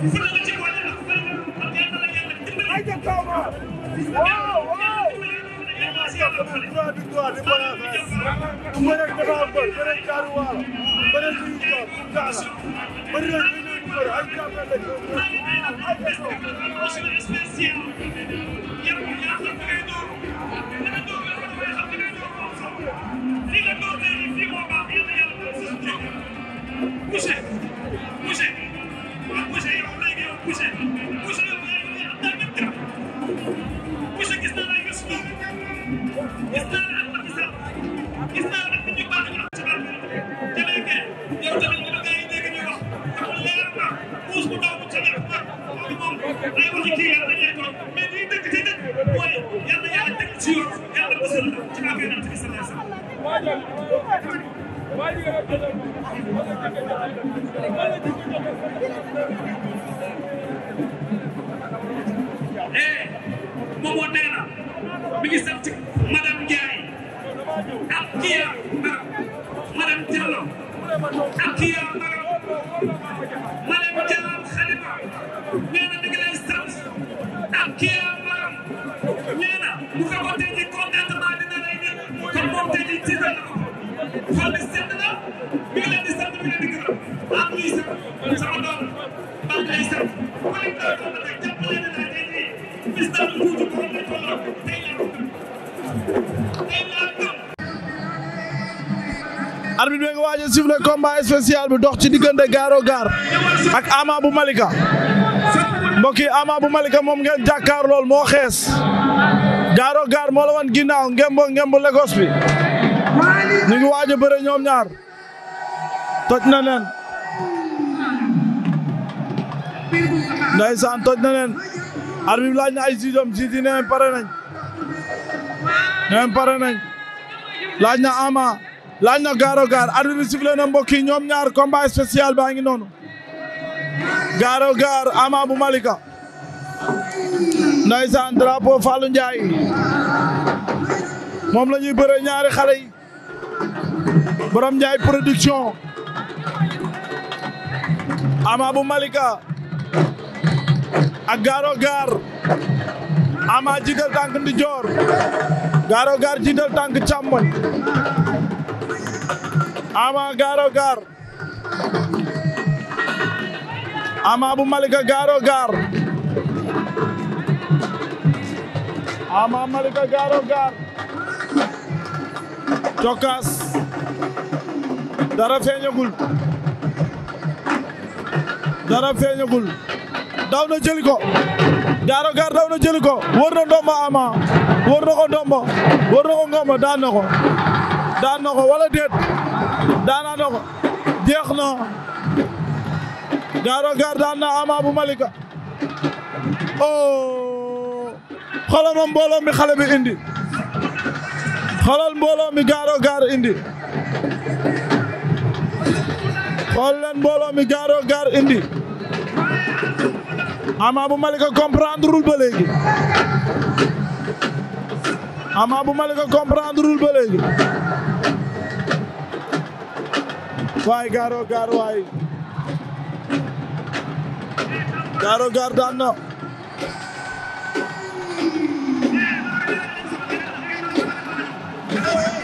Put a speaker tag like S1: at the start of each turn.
S1: Especial. Momo Dena mi ngi sant madame Ndiaye ak Kia Maram madame Diallo ak Kia Maram madame Diallo Khalifa nee na mi ngi lay sant ak Kia Maram nee na bu fekkoon tey jii contentement dina lay def kon moom tey jii ci dana ko xol bi sedd na mi ngi leen di sant mi ngi leen di gërëm ak ñuy sant sama doom arbitre bi nga waaj a sifflé combat spécial bi dox ci diggante gaaro Gare ak Ama bu Malika mbokki Ama bu Malika moom ngeen jàkkaar lool moo xees Garo Gare moo la wan ginnaaw ngembo ngembo Lagos bi ñu ngi waaj a ñoom ñaar toj na leen ndeysaan toj na leen bi laaj na ay siidom siidi neen pare nañ neen pare nañ laaj na Ama laaj na gaaro gar arbitre bi na mbokk yi ñoom ñaar combat spécial baa ngi noonu garo gaar ama bu malika ndaysaan drapeau Fallou Ndiaye moom la ñuy bëre ñaari xale yi borom Ndiaye production ama bu malika ak gaaro gaar ama jiital tànk ndijoor gaaro gaar jiital tànk càmmoñ ama gaaro gaar ama bu malika gaaro gaar ama malika gaaro gaar cokkaas dara feeñagul dara feeñagul daw na jëli gaaro gaar daw na jëli ko na ndomba ama wër na ko ndomba wër na ko ndomba daan na ko daan wala déet daana na ko jeex na bu Malika oh xoolal ma mbooloo mi xale bi indi xoolal mbooloo mi Niaro Gaar indi xool leen mbooloo mi Niaro Gaar indi Ama bu Malika comprendre lul bu Malika comprendre waay gaaro gaar waay gaaro